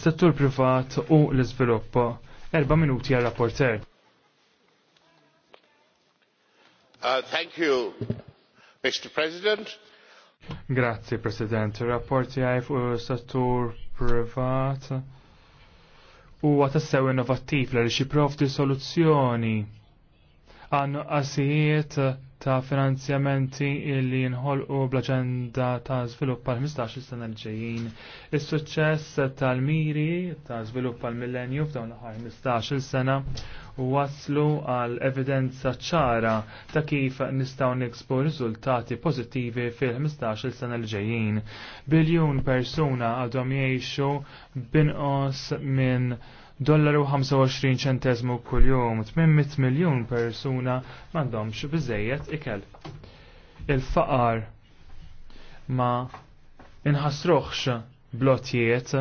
settur privat u l izvilupp Erba' minuti għal rapporter. Uh, thank you, Mr. President. Grazie, President. Rapporti għaj fuq settur privat u għatassew innovattiv li xiprovdi soluzzjoni għan għasijiet ta' finanzjamenti illi jinħolqu bl-aġenda ta' żvilupp għal 15 sena l-ġejjin. Is-suċċess tal-miri ta' żvilupp għal millenju f'dawn l-aħħar 15 sena waslu għal evidenza ċara ta' kif nistgħu niksbu riżultati pożittivi fil-15 sena l-ġejjin. Biljun persuna għadhom jgħixu binqos minn dollaru 25 ċentezmu kull jum, 800 miljon persuna mandomx bizzejiet ikel. Il-faqar ma inħasruħx blotjiet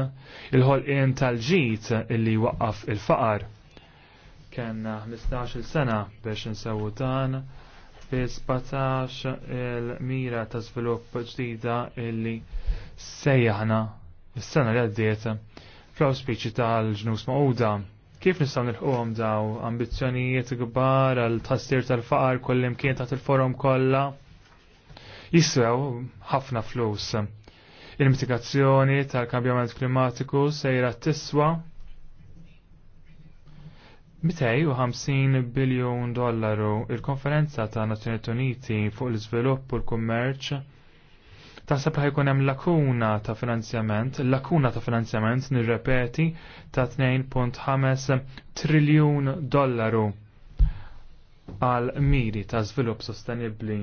il-ħolqien tal-ġit illi waqqaf il-faqar. Kenna 15 sena biex nsewu dan fi 17 il-mira ta' svilupp ġdida illi sejjaħna is-sena li għaddiet fl-auspiċi tal-ġnus ma'uda. Kif nistaw nilħuhom daw ambizzjonijiet kbar għal tastir tal-faqar kien taħt il-forum kollha? Jiswew ħafna flus. Il-mitigazzjoni tal-kambjament klimatiku sejra tiswa 250 biljon dollaru il-konferenza ta' Nazzjonijiet Uniti fuq l-iżvilupp u l-kummerċ Taħseb ħajkun hemm lakuna ta' finanzjament, lakuna ta' finanzjament nirrepeti ta' 2.5 triljun dollaru għal miri ta' żvilupp sostenibbli.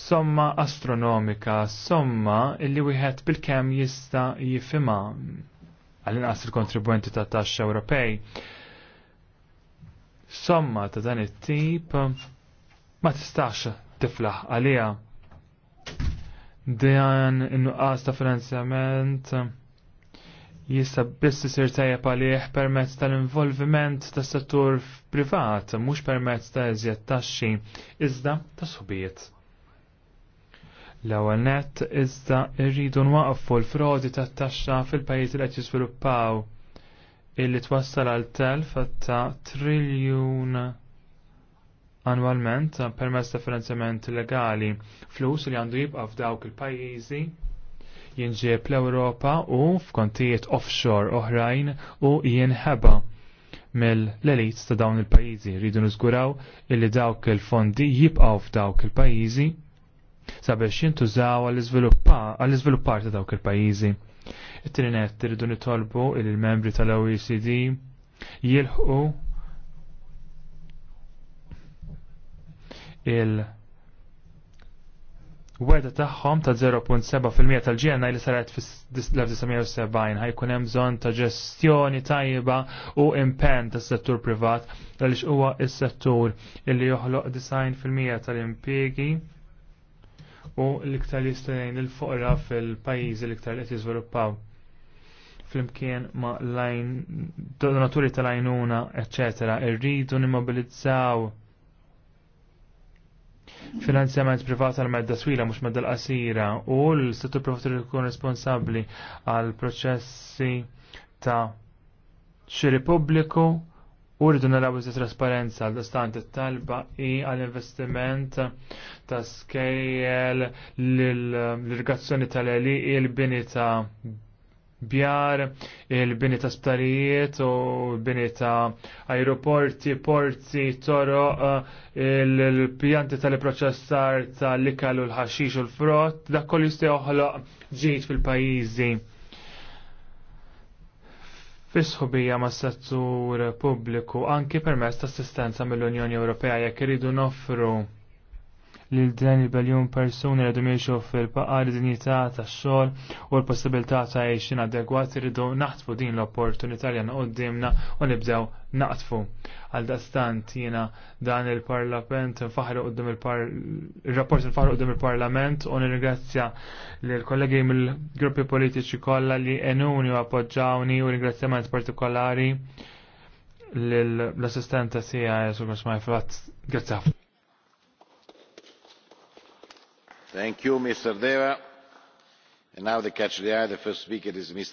Somma astronomika, somma illi wieħed bil-kemm jista' jifima għal inqas il-kontribwenti ta' taxxa Ewropej. Somma ta' dan it-tip ma tistax tiflaħ għalija Dan in-nuqqas ta' finanzjament jista' biss isir tajjeb għalih permezz tal-involviment tas settur privat, mhux permezz ta' iżjed taxxi, iżda ta' subiet. L-ewwel nett iżda rridu nwaqfu l-frodi tat-taxxa fil-pajjiżi li qed jiżviluppaw illi twassal għal telf ta' triljun annualment permezz ta' finanzjament legali flus li għandu jibqa' f'dawk il-pajjiżi jinġieb l-Ewropa u f'kontijiet offshore oħrajn u jinħeba mill-elites ta' dawn il-pajjiżi. Rridu niżguraw illi dawk il-fondi jibqgħu f'dawk il-pajjiżi sabiex jintużaw għall-iżviluppar ta' dawk il-pajjiżi. It-tieni net irridu nitolbu il-membri tal-OECD jilħqu il- Werda tagħhom ta' 0.7% tal-ġenna li saret fis-1970 ħajkun hemm bżonn ta' ġestjoni tajba u impenn tas-settur privat għaliex huwa s-settur illi joħloq 90% tal impiegi u l-iktar jistajn il-foqra fil-pajjiżi l-iktar qed jiżviluppaw flimkien ma' lajn donaturi tal-għajnuna, eccetera, irridu nimmobilizzaw finanzjament privat għal medda swila mhux medda l-qasira u l-settur privat jkun responsabbli għal proċessi ta' xiri pubbliku u rridu naraw trasparenza għal stant it-talba i għal investiment ta' skejjel l-irrigazzjoni tal-eli il-bini ta' bjar, il-bini ta' sptarijiet u bini ta' aeroporti, porti, toro, eh, il-pjanti tal-proċessar tal-likal u l-ħaxix u l-frott, da' kol jistgħu ġejt fil-pajizi. Fisħubija ma' settur pubbliku anki permess ta' assistenza mill-Unjoni Ewropea jekk iridu noffru lil dan il baljon persuni li għadhom jgħixu fil-paqar dinjità tax-xogħol u l-possibilità ta' għejxin adegwat irridu naħtfu din l-opportunità li għandna qudiemna u nibdew naqtfu. Għal dastant jiena dan il-parlament nfaħru il-rapport nfaħru qudiem il-parlament u nirringrazzja lill kollegi mill-gruppi politiċi kollha li enuni u appoġġawni u ringrazzjament partikolari l-assistenta tiegħi Sugur Smajflat. Grazzaf. Thank you, Mr. Deva. is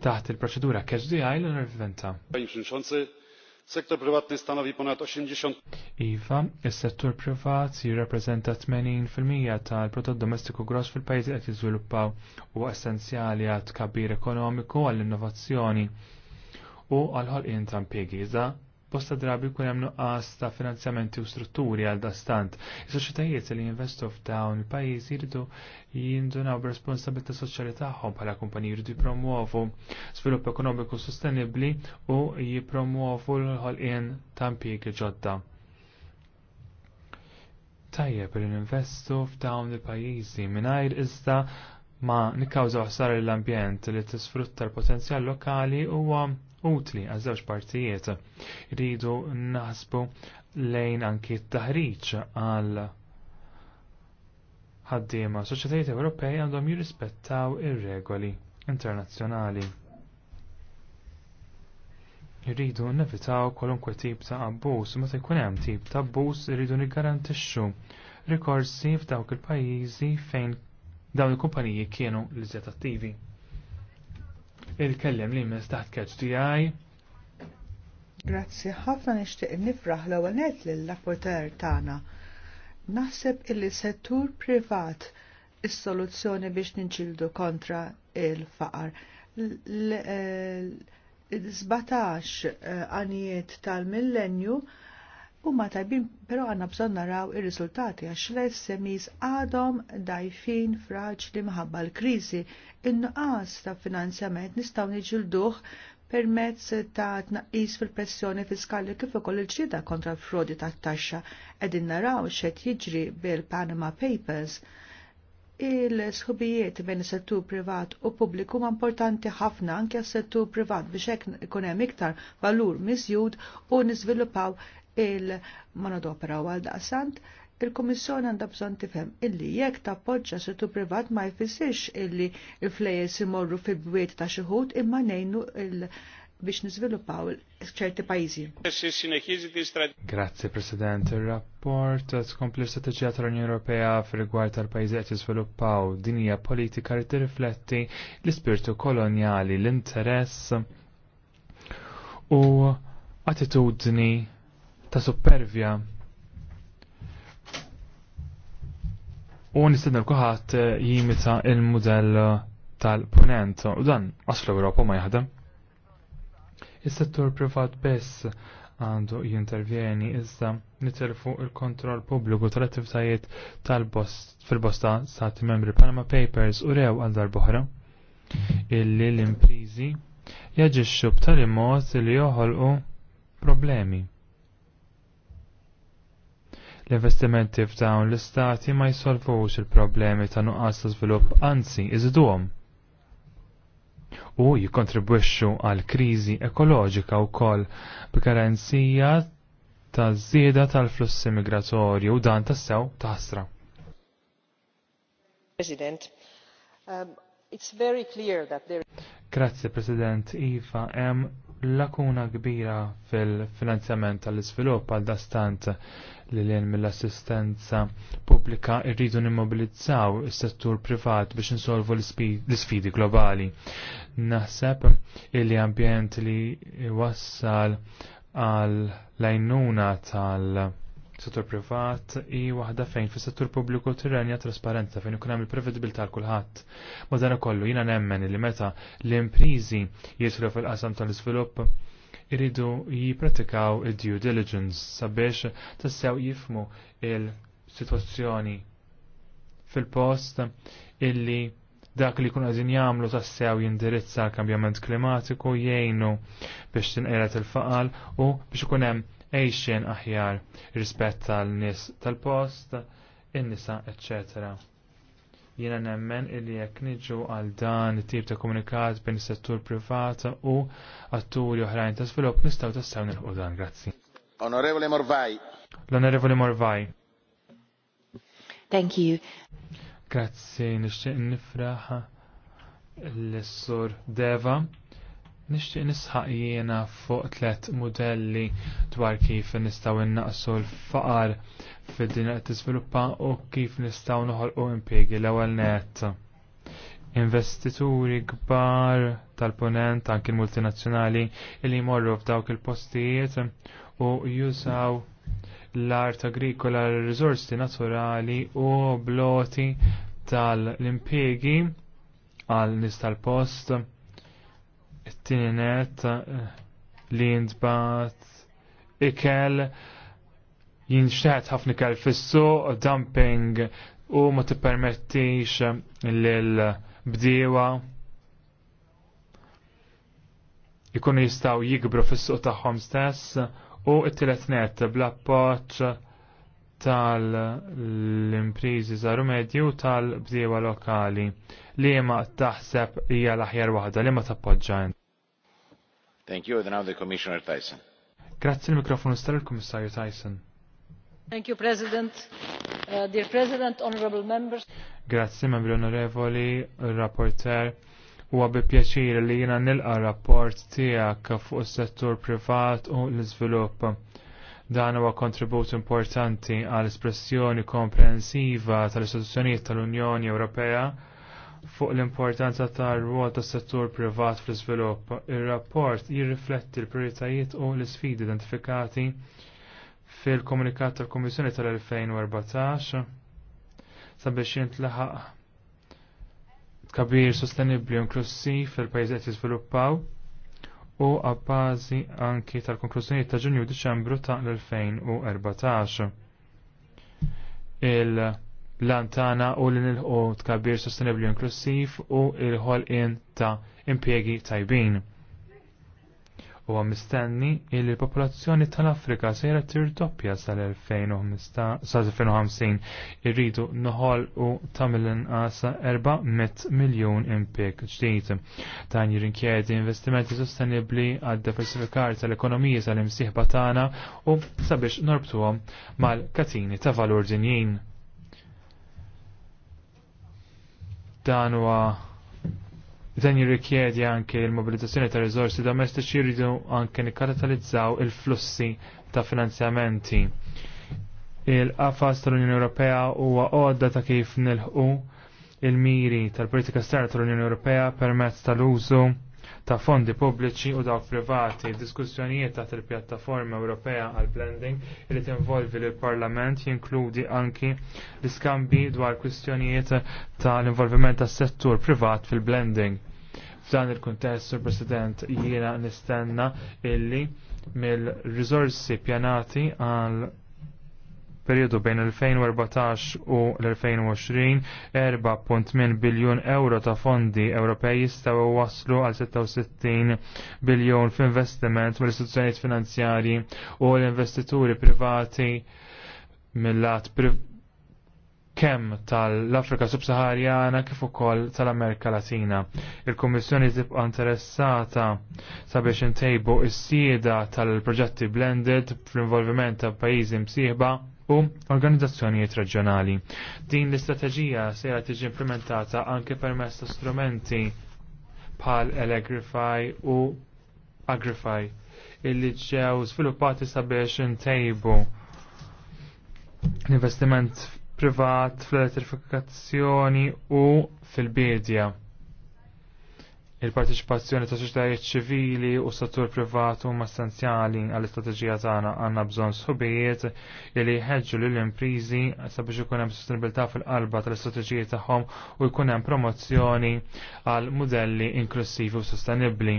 Taħt il-proċedura catch the eye l-onorevoli Venta. Panie Przewodniczący, sektor prywatny stanowi ponad 80... Iva, il-settur privat jirrapprezenta 80% tal-prodott domestiku gross fil-pajjiżi qed jiżviluppaw u essenzjali għat kabir ekonomiku għall-innovazzjoni u għal-ħolqien ta' impjegi. Iżda bosta drabi kun hemm nuqqas ta' finanzjamenti u strutturi għal dastant. Is-soċjetajiet li jinvestu f'dawn il-pajjiż jiridu jindunaw b'responsabilità soċjali tagħhom bħala kumpaniji jiridu jipromuovu svilupp ekonomiku sostenibbli u jipromuovu l-ħolqien ta' impjiegi ġodda. Tajjeb li ninvestu f'dawn il-pajjiżi mingħajr iżda ma nikkawżaw ħsar l-ambjent li tisfrutta l-potenzjal lokali huwa utli għaż-żewġ partijiet. Rridu naħsbu lejn anki t-taħriġ għal ħaddiema soċjetajiet Ewropej għandhom jirrispettaw ir-regoli internazzjonali. Irridu nevitaw kwalunkwe tip ta' abbuż, meta jkun hemm tip ta' abbuż irridu niggarantixxu rikorsi f'dawk il-pajjiżi fejn dawn il-kumpaniji kienu l attivi il-kellem li minn staħt catch DI. Grazzi ħafna nixtieq nifraħ l għanet net lill-rapporter tagħna. Naħseb il settur privat is-soluzzjoni biex ninċildu kontra il-faqar. L-17 eh, eh, għanijiet tal-millenju U ma tajbin, pero għanna bżon naraw il-rizultati għax l-SMIs għadhom dajfin fraġ li maħabba l-krizi. Innuqas ta' finanzjament nistaw niġilduħ permezz ta' tnaqqis fil-pressjoni fiskali kif ukoll il-ġrida kontra l-frodi ta' taxxa qegħdin naraw xed jiġri bil-Panama Papers. Il-sħubijiet bejn is-settur privat u pubbliku ma' importanti ħafna anke s-settur privat biex hekk ikun hemm iktar valur miżjud u niżviluppaw il-monodopera u għal daqsant il-Komissjoni għandha bżonn tifhem illi jekk tappoġġa settur privat ma jfissirx illi il-flejes imorru fil-bwiet ta' xi ħud imma ngħinu biex niżviluppaw ċerti pajjiżi. Grazzi President, ir-rapport tkompli l-strateġija tal-Unjoni Ewropea fil-rigward tal-pajjiżi qed jiżviluppaw din hija politika li tirrifletti l-ispirtu kolonjali, l-interess u attitudni ta' supervja u nistenna l-kuħat eh, jimita il-modell tal-ponent u dan għax Europa ewropa ma jaħdem. Is-settur privat biss għandu jintervjeni iżda nitilfu il-kontroll pubbliku tal-attivitajiet tal-bost fil-bosta stati membri Panama Papers u rew għal darbohra illi l-imprizi jaġixxu b'tali mod li joħolqu problemi. L-investimenti f'dawn l-istati ma jisolvux il-problemi ta' nuqqas ta' svilupp, anzi, iżduhom. U jikontribwixxu għal kriżi ekoloġika wkoll b'karenzija ta' żieda tal-flussi migratorju u dan tassew taħsra. President, um, it's very clear that there Grazzi President Iva, hemm lakuna kbira fil-finanzjament tal-iżvilupp għal dastant li l mill-assistenza pubblika irridu nimmobilizzaw is-settur privat biex insolvu l-sfidi globali. Naħseb li ambjent li wassal għal lajnuna tal settur privat i waħda fejn fis settur pubbliku tirrenja trasparenza fejn ikun hemm il-prevedibil tal kulħadd. Madana kollu jiena nemmen li meta l-imprizi jisru fil-qasam tal-iżvilupp iridu jipratikaw id-due diligence sabiex tassew jifmu il-situazzjoni fil-post illi dak li kun għazin jamlu tassew jindirizza kambjament klimatiku jgħinu biex tinqelet il-faqal u biex ikun hemm aħjar rispett tal-nis tal-post, in-nisa, eccetera. Jiena nemmen illi jekk niġu għal dan it-tip ta' komunikat bejn is-settur privat u atturi oħrajn ta' svilupp nistgħu tassew nilħu dan, grazzi. Onorevole Morvaj. L-Onorevole Morvaj. Thank you. Grazzi, nixtieq nifraħ l-Sur Deva Nixtieq nisħaq jiena fuq tlet modelli dwar kif nistgħu innaqsu l-faqar fid-dinja qed tiżviluppa u kif nistgħu noħolqu impjiegi l-ewwel net. Investituri kbar tal-ponent anki multinazzjonali li jmorru f'dawk il-postijiet u jużaw l-art agrikola l-rizorsi naturali u bloti tal-impjegi għal nis tal-post it-tininet eh, li jintbat ikel jinxteħet ħafna ikel fissu dumping u ma tippermettix eh, l-bdiewa jikunu jistaw jikbru fis-suq tagħhom stess u t-tielet net bl-appoġġ tal-imprizi żaru medju tal-bdiewa lokali li ma taħseb hija l-aħjar waħda li ma tappoġġajn. Thank you. And now the Commissioner Tyson. Grazie il-mikrofonu stare il-Kummissarju Tyson. Thank you, President. Uh, dear President, honorable members. Grazie, membri onorevoli, r-Rapporteur, Huwa għabbi pjaċir li jiena nilqa rapport tiegħek fuq is-settur privat u l-iżvilupp. Dan huwa kontribut importanti għall espressjoni komprensiva tal-istituzzjonijiet tal-Unjoni Ewropea fuq l-importanza tar-rwol tas-settur privat fl-iżvilupp. Ir-rapport jirrifletti l-prijoritajiet u l-isfidi identifikati fil-komunikat tal-Kummissjoni tal-2014 sabiex jintlaħaq kabir sostenibli u inklusi fil-pajjiż qed jiżviluppaw u għabbażi anki tal-konklużjonijiet ta' Ġunju Diċembru ta' l-2014. Il- lantana u l nilħu tkabbir sostenibli inklusiv u il in ta' impiegi tajbin. U mistenni il l-popolazzjoni tal-Afrika sejra tirdoppja sal-2050 irridu noħol u tamilin inqas 400 miljon impjeg ġdid. Dan jirinkjedi investimenti sostenibli għad diversifikar tal-ekonomija tal-imsieħba tagħna u sabiex norbtuhom mal-katini ta' valur dinjin. dan huwa dan jirrikjedi anke l-mobilizzazzjoni ta' riżorsi domestiċi jridu anke nikkatalizzaw il-flussi ta' finanzjamenti. Il-qafas tal-Unjoni Ewropea huwa għodda ta' kif nilħu il-miri tal-politika esterna tal-Unjoni Ewropea permezz tal-użu ta' fondi pubbliċi u dawk privati, diskussjonijiet ta' il-pjattaforma Ewropea għal blending li tinvolvi l parlament jinkludi anki l-iskambi dwar kwistjonijiet ta' l-involviment tas settur privat fil-blending. F'dan il-kuntest, Sur President, jiena nistenna illi mill-rizorsi pjanati għal periodu bejn 2014 u l-2020 4.8 biljun euro ta' fondi Ewropej jistaw waslu għal 66 biljun f'investiment mill-istituzzjonijiet finanzjarji u l-investituri privati mill-lat priv kemm tal-Afrika Subsaharjana kif ukoll tal-Amerika Latina. Il-Kummissjoni tibqa' interessata sabiex intejbu s-sieda tal-proġetti blended fl-involviment ta' pajjiżi msieħba u organizzazzjonijiet reġjonali. Din l-istrateġija se tiġi implementata anke permezz ta' strumenti bħal Elegrify u Agrify illi ġew sviluppati sabiex intejbu l-investiment privat fl-elettrifikazzjoni u fil-bidja. Il-partiċipazzjoni ta' soċjetajiet ċivili u settur privat huma essenzjali għall istrateġija tagħna għandna bżonn sħubijiet li jħeġġu lil imprizi sabiex ikun hemm sostenibilità fil-qalba tal-istrateġiji tagħhom u jkun hemm promozzjoni għal mudelli inklusivi u sostenibbli.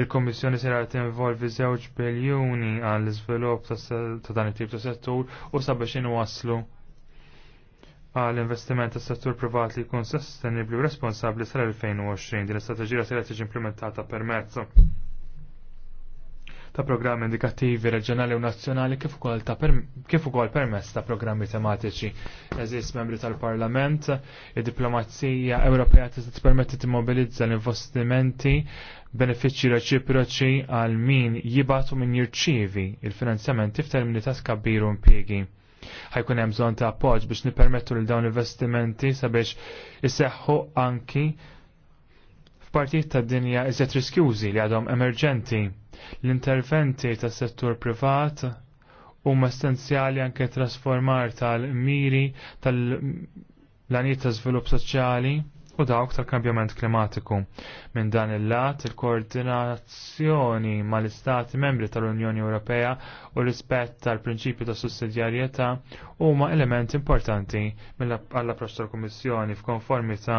Il-Kommissjoni se tinvolvi żewġ biljuni għall iżvilupp ta' dan it-tip ta' settur u sabiex inwasslu għal investiment tas settur privat li jkun sostenibli u responsabli sal-2020 din l-istrateġija se tiġi implementata permezz ta' programmi indikattivi reġjonali u nazzjonali kif ukoll kif permess ta' programmi tematiċi. Eżis membri tal-Parlament, id-diplomazija Ewropea tista' tippermetti timmobilizza l-investimenti benefiċċji reċiproċi għal min jibatu min jirċievi il-finanzjamenti f'termini ta' skabbiru impjiegi ħajkun hemm bżonn ta' appoġġ biex nippermettu lil dawn l-investimenti sabiex iseħħu anki f'partijiet tad-dinja iżjed riskjużi li għadhom emerġenti. L-interventi tas-settur privat huma essenzjali anke trasformar tal-miri tal-lanijiet ta' żvilupp soċjali u dawk tal-kambjament klimatiku. Minn dan il-lat, il-koordinazzjoni mal-Istati membri tal-Unjoni Ewropea u rispett tal-prinċipju ta' sussidjarjetà huma element importanti għall-approċċ tal-Kummissjoni f'konformità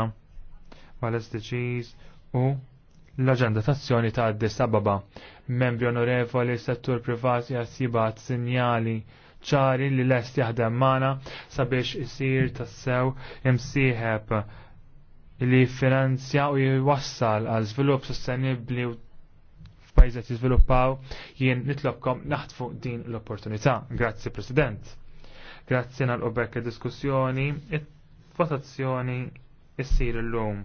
mal-SDGs u l-Aġenda Tazzjoni ta' Addis Ababa. Membri onorevoli settur privati għasibat sinjali ċari li lest jaħdem mana sabiex isir tassew imsieħeb li finanzja u jwassal għal żvilupp sostenibbli u f'pajjiżet jien nitlobkom naħtfu din l-opportunità. Grazzi President. Grazzi għal qobek diskussjoni, votazzjoni l illum.